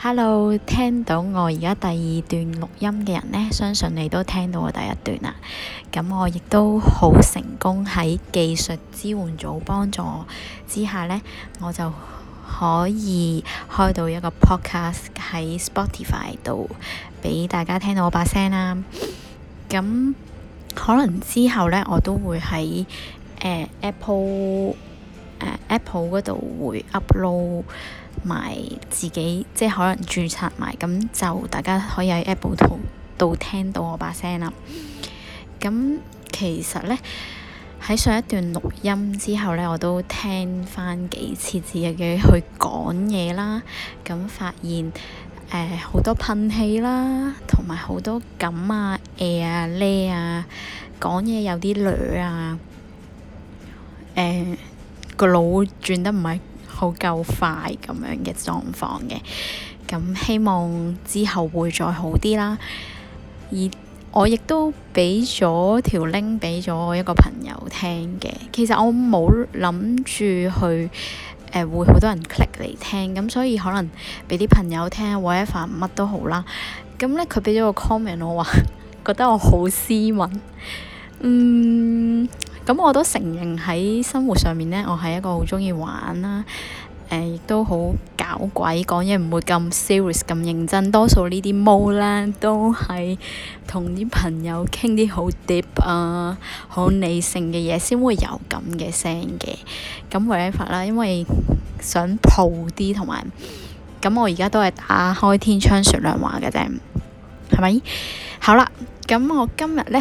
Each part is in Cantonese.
Hello，聽到我而家第二段錄音嘅人呢，相信你都聽到我第一段啦。咁我亦都好成功喺技術支援組幫助之下呢，我就可以開到一個 podcast 喺 Spotify 度俾大家聽到我把聲啦。咁可能之後呢，我都會喺、呃、Apple、呃、Apple 嗰度會 upload 埋自己即係可能註冊埋，咁就大家可以喺 Apple 度聽到我把聲啦。咁其實咧喺上一段錄音之後咧，我都聽翻幾次自己去講嘢啦，咁發現誒好、呃、多噴氣啦，同埋好多咁啊，誒、欸、啊，咧啊，講嘢有啲亂啊，誒、呃、個腦轉得唔係。.好夠快咁樣嘅狀況嘅，咁希望之後會再好啲啦。而我亦都俾咗條 link 俾咗我一個朋友聽嘅，其實我冇諗住去誒、呃、會好多人 click 嚟聽，咁所以可能俾啲朋友聽或 whatever 乜都好啦。咁呢，佢俾咗個 comment 我，話覺得我好斯文，嗯，咁我都承認喺生活上面呢，我係一個好中意玩啦。亦、嗯、都好搞鬼，講嘢唔會咁 serious 咁認真，多數呢啲毛啦都係同啲朋友傾啲好 deep 啊、好理性嘅嘢先會有咁嘅聲嘅。咁唯有發啦，因為想蒲啲同埋，咁我而家都係打開天窗説亮話嘅啫，係咪？好啦，咁我今日呢，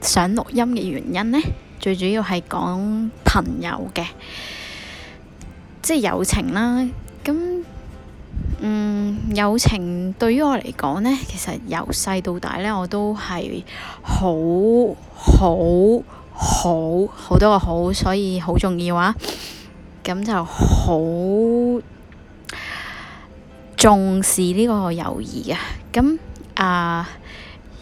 想錄音嘅原因呢，最主要係講朋友嘅。即係友情啦，咁嗯，友情對於我嚟講呢，其實由細到大呢，我都係好好好好多個好，所以好重要啊！咁就好重視呢個友誼嘅，咁啊，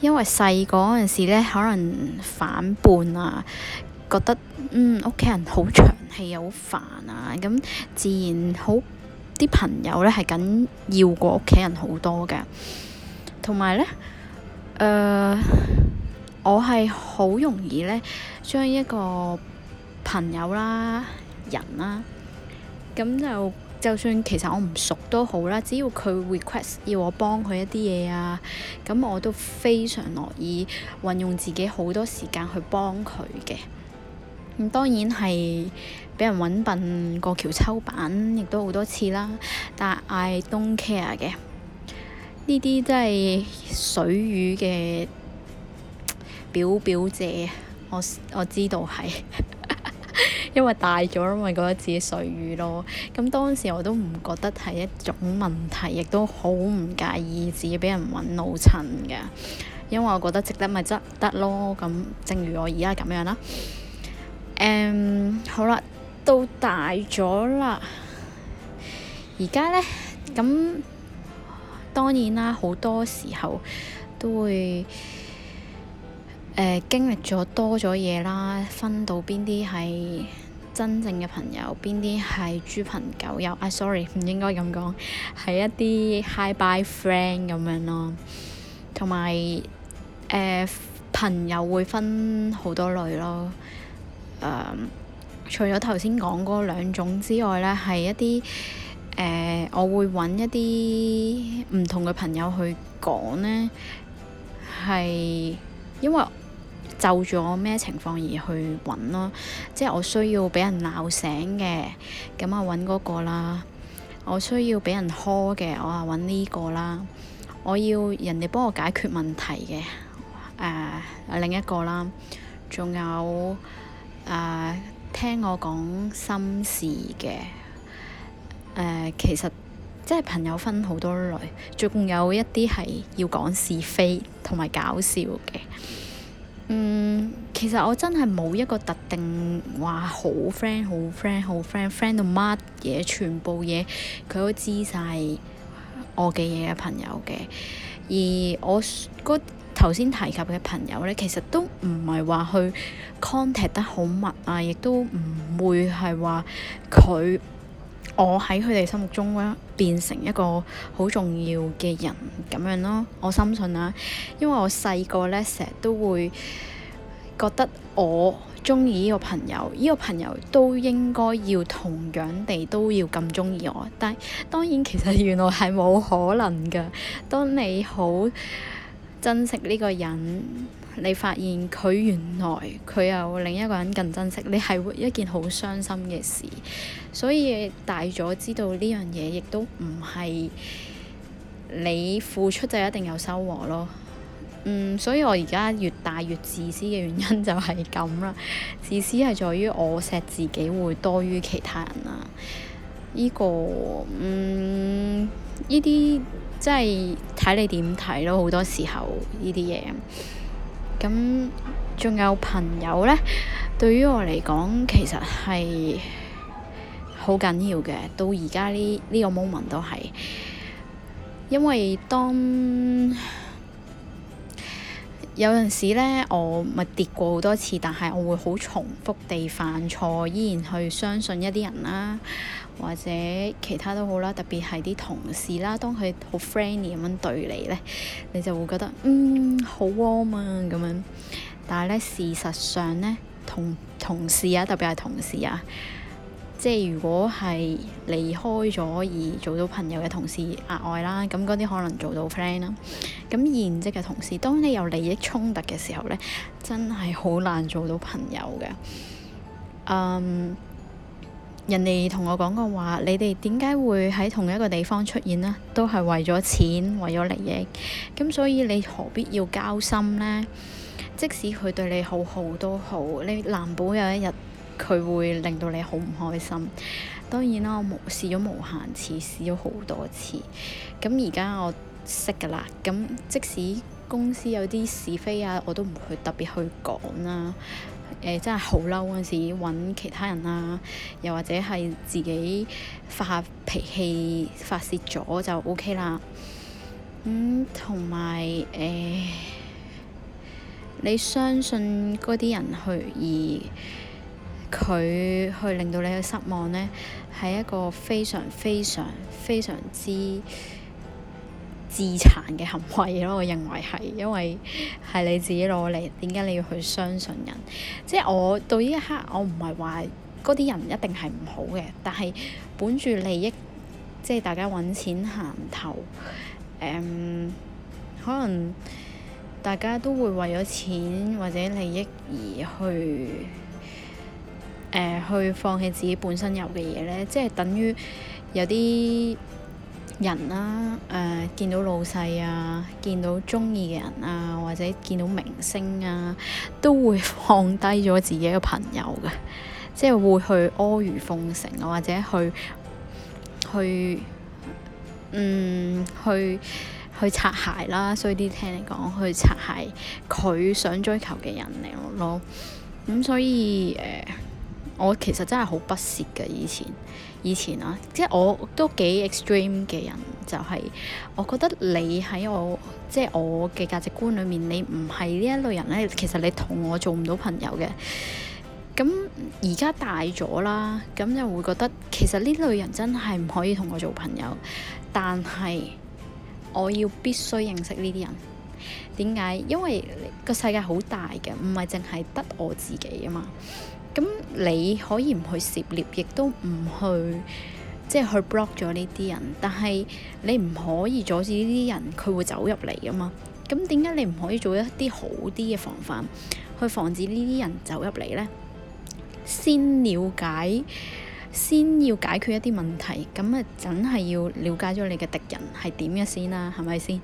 因為細個嗰陣時呢，可能反叛啊，覺得嗯屋企人好長。係好煩啊！咁自然好啲朋友咧，係緊要過屋企人好多嘅。同埋咧，誒、呃，我係好容易咧，將一個朋友啦、人啦，咁就就算其實我唔熟都好啦，只要佢 request 要我幫佢一啲嘢啊，咁我都非常樂意運用自己好多時間去幫佢嘅。咁當然係俾人揾笨過橋抽板，亦都好多次啦。但 I don't care 嘅呢啲真係水魚嘅表表姐，我我知道係 因為大咗，因為咪覺得自己水魚咯。咁當時我都唔覺得係一種問題，亦都好唔介意自己俾人揾老襯嘅，因為我覺得值得咪執得咯。咁正如我而家咁樣啦。誒、um，好啦，都大咗啦，而家呢，咁當然啦，好多時候都會誒、呃、經歷咗多咗嘢啦，分到邊啲係真正嘅朋友，邊啲係豬朋狗友。啊，sorry，唔應該咁講，係一啲 hi bye friend 咁樣咯，同埋誒朋友會分好多類咯。嗯、除咗頭先講嗰兩種之外呢，係一啲誒、呃，我會揾一啲唔同嘅朋友去講，呢係因為就住我咩情況而去揾咯。即係我需要俾人鬧醒嘅，咁啊揾嗰個啦。我需要俾人呵嘅，我啊揾呢個啦。我要人哋幫我解決問題嘅誒、呃，另一個啦，仲有。啊，uh, 聽我講心事嘅，誒、uh，其實即係朋友分好多類，仲有一啲係要講是非同埋搞笑嘅。嗯，其實我真係冇一個特定話好 friend、好 friend、好 friend、friend，好 friend 到乜嘢，全部嘢佢都知晒我嘅嘢嘅朋友嘅，而我頭先提及嘅朋友咧，其實都唔係話去 contact 得好密啊，亦都唔會係話佢我喺佢哋心目中咧變成一個好重要嘅人咁樣咯。我深信啦、啊，因為我細個咧成日都會覺得我中意呢個朋友，呢、呢個朋友都應該要同樣地都要咁中意我。但係當然其實原來係冇可能㗎。當你好珍惜呢個人，你發現佢原來佢有另一個人更珍惜你，係一件好傷心嘅事。所以大咗知道呢樣嘢，亦都唔係你付出就一定有收穫咯。嗯，所以我而家越大越自私嘅原因就係咁啦。自私係在於我錫自己會多於其他人啦、啊。呢個嗯，呢啲即係睇你點睇咯，好多時候呢啲嘢。咁仲有朋友呢？對於我嚟講其實係好緊要嘅，到而家呢呢個 moment 都係。因為當有陣時呢，我咪跌過好多次，但係我會好重複地犯錯，依然去相信一啲人啦、啊。或者其他都好啦，特別係啲同事啦，當佢好 friendly 咁樣對你呢，你就會覺得嗯好 warm 啊咁樣。但係呢，事實上呢，同同事啊，特別係同事啊，即係如果係離開咗而做到朋友嘅同事額外啦，咁嗰啲可能做到 friend 啦、啊。咁現職嘅同事，當你有利益衝突嘅時候呢，真係好難做到朋友嘅。嗯、um。人哋同我講過話，你哋點解會喺同一個地方出現呢？都係為咗錢，為咗利益。咁所以你何必要交心呢？即使佢對你好好都好，你難保有一日佢會令到你好唔開心。當然啦，我試咗無限次，試咗好多次。咁而家我識㗎啦。咁即使公司有啲是非啊，我都唔去特別去講啦、啊。誒、呃、真係好嬲，嗰時揾其他人啦、啊，又或者係自己發下脾氣發泄咗就 OK 啦。同埋誒，你相信嗰啲人去而佢去令到你去失望呢，係一個非常非常非常之～自殘嘅行為咯，我認為係因為係你自己攞嚟，點解你要去相信人？即係我到呢一刻，我唔係話嗰啲人一定係唔好嘅，但係本住利益，即係大家揾錢行頭，嗯，可能大家都會為咗錢或者利益而去，呃，去放棄自己本身有嘅嘢呢，即係等於有啲人啦、啊，誒、呃、見到老細啊，見到中意嘅人啊，或者見到明星啊，都會放低咗自己嘅朋友嘅， 即係會去阿諛奉承啊，或者去去嗯去去擦鞋啦，所以啲聽你講去擦鞋，佢想追求嘅人嚟咯，咁、嗯、所以誒、呃，我其實真係好不屑嘅以前。以前啊，即係我都幾 extreme 嘅人，就係我覺得你喺我即係我嘅價值觀裏面，你唔係呢一類人咧，其實你同我做唔到朋友嘅。咁而家大咗啦，咁就會覺得其實呢類人真係唔可以同我做朋友，但係我要必須認識呢啲人。點解？因為個世界好大嘅，唔係淨係得我自己啊嘛。咁你可以唔去涉獵，亦都唔去，即係去 block 咗呢啲人。但係你唔可以阻止呢啲人，佢會走入嚟㗎嘛。咁點解你唔可以做一啲好啲嘅防範，去防止呢啲人走入嚟呢？先了解，先要解決一啲問題。咁啊，梗係要了解咗你嘅敵人係點嘅先啦、啊，係咪先？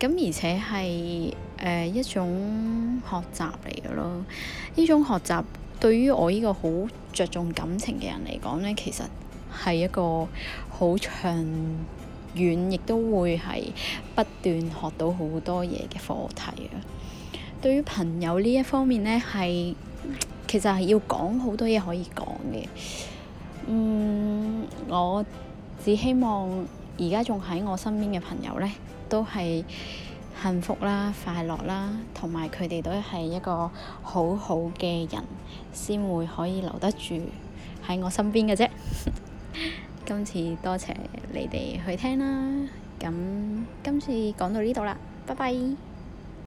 咁而且係誒、呃、一種學習嚟嘅咯，呢種學習。對於我呢個好着重感情嘅人嚟講呢，其實係一個好長遠，亦都會係不斷學到好多嘢嘅課題啊。對於朋友呢一方面呢，係其實係要講好多嘢可以講嘅。嗯，我只希望而家仲喺我身邊嘅朋友呢，都係。幸福啦、快樂啦，同埋佢哋都係一個好好嘅人，先會可以留得住喺我身邊嘅啫。 今次多謝你哋去聽啦，咁今次講到呢度喇，拜拜。